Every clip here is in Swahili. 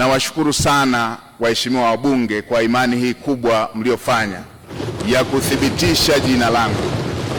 Nawashukuru sana waheshimiwa wabunge kwa imani hii kubwa mliofanya ya kuthibitisha jina langu.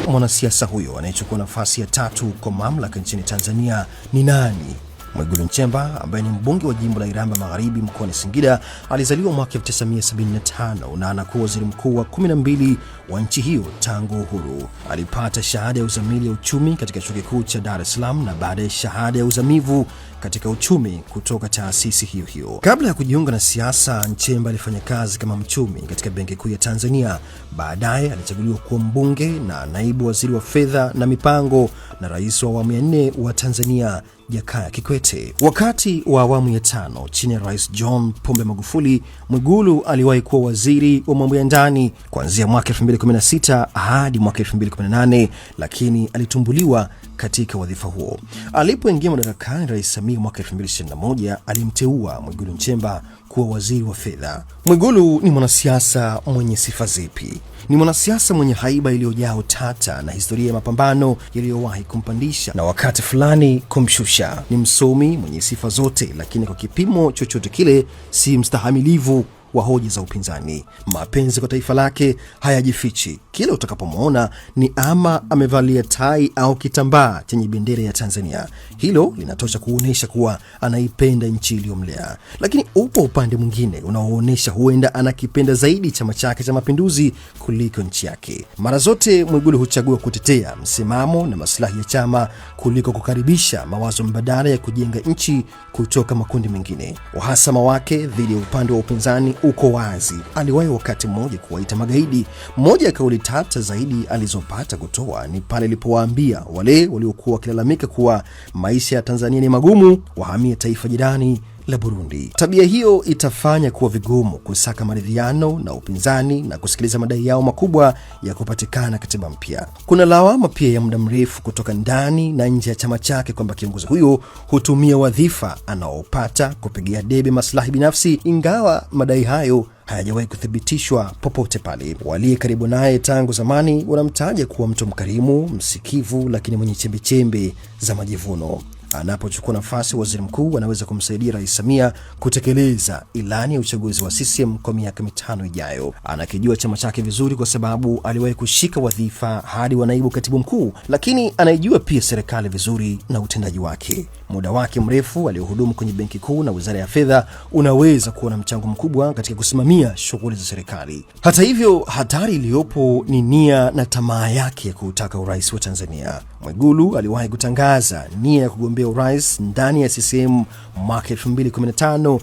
Mwanasiasa huyo anayechukua nafasi ya tatu kwa mamlaka nchini Tanzania ni nani? Mwigulu Nchemba ambaye ni mbunge wa jimbo la Iramba Magharibi mkoani Singida alizaliwa mwaka 1975 na anakuwa waziri mkuu wa 12 wa nchi hiyo tangu uhuru. Alipata shahada ya uzamili ya uchumi katika chuo kikuu cha Dar es Salaam na baadaye shahada ya uzamivu katika uchumi kutoka taasisi hiyo hiyo. Kabla ya kujiunga na siasa, Nchemba alifanya kazi kama mchumi katika Benki Kuu ya Tanzania. Baadaye alichaguliwa kuwa mbunge na naibu waziri wa fedha na mipango na rais wa awamu ya nne wa Tanzania Jakaya Kikwete. Wakati wa awamu ya tano chini ya Rais John Pombe Magufuli, Mwigulu aliwahi kuwa waziri wa mambo ya ndani kuanzia mwaka 2016 hadi mwaka 2018, lakini alitumbuliwa katika wadhifa huo. Alipoingia madarakani Rais Samia mwaka 2021, alimteua Mwigulu Nchemba kuwa waziri wa fedha. Mwigulu ni mwanasiasa mwenye sifa zipi? Ni mwanasiasa mwenye haiba iliyojaa utata na historia ya mapambano yaliyowahi kumpandisha na wakati fulani kumshusha. Ni msomi mwenye sifa zote, lakini kwa kipimo chochote kile si mstahamilivu wa hoja za upinzani. Mapenzi kwa taifa lake hayajifichi, kila utakapomwona ni ama amevalia tai au kitambaa chenye bendera ya Tanzania. Hilo linatosha kuonyesha kuwa anaipenda nchi iliyomlea. Lakini upo upande mwingine unaoonyesha huenda anakipenda zaidi chama chake cha Mapinduzi kuliko nchi yake. Mara zote Mwigulu huchagua kutetea msimamo na masilahi ya chama kuliko kukaribisha mawazo mbadala ya kujenga nchi kutoka makundi mengine. Uhasama wake dhidi ya upande wa upinzani uko wazi. Aliwahi wakati mmoja kuwaita magaidi. Moja ya kauli tata zaidi alizopata kutoa ni pale alipowaambia wale waliokuwa wakilalamika kuwa maisha ya Tanzania ni magumu wahamie taifa jirani la Burundi. Tabia hiyo itafanya kuwa vigumu kusaka maridhiano na upinzani na kusikiliza madai yao makubwa ya kupatikana katiba mpya. Kuna lawama pia ya muda mrefu kutoka ndani na nje ya chama chake kwamba kiongozi huyo hutumia wadhifa anaopata kupigia debe maslahi binafsi, ingawa madai hayo hayajawahi kuthibitishwa popote pale. Waliye karibu naye tangu zamani wanamtaja kuwa mtu mkarimu, msikivu, lakini mwenye chembechembe za majivuno. Anapochukua nafasi, waziri mkuu anaweza kumsaidia Rais Samia kutekeleza ilani ya uchaguzi wa CCM kwa miaka mitano ijayo. Anakijua chama chake vizuri, kwa sababu aliwahi kushika wadhifa hadi wa naibu katibu mkuu, lakini anaijua pia serikali vizuri na utendaji wake. Muda wake mrefu aliyohudumu kwenye Benki Kuu na Wizara ya Fedha unaweza kuwa na mchango mkubwa katika kusimamia shughuli za serikali. Hata hivyo, hatari iliyopo ni nia na tamaa yake ya kuutaka urais wa Tanzania. Mwigulu aliwahi kutangaza nia ya kugombea ya urais ndani ya CCM mwaka 2015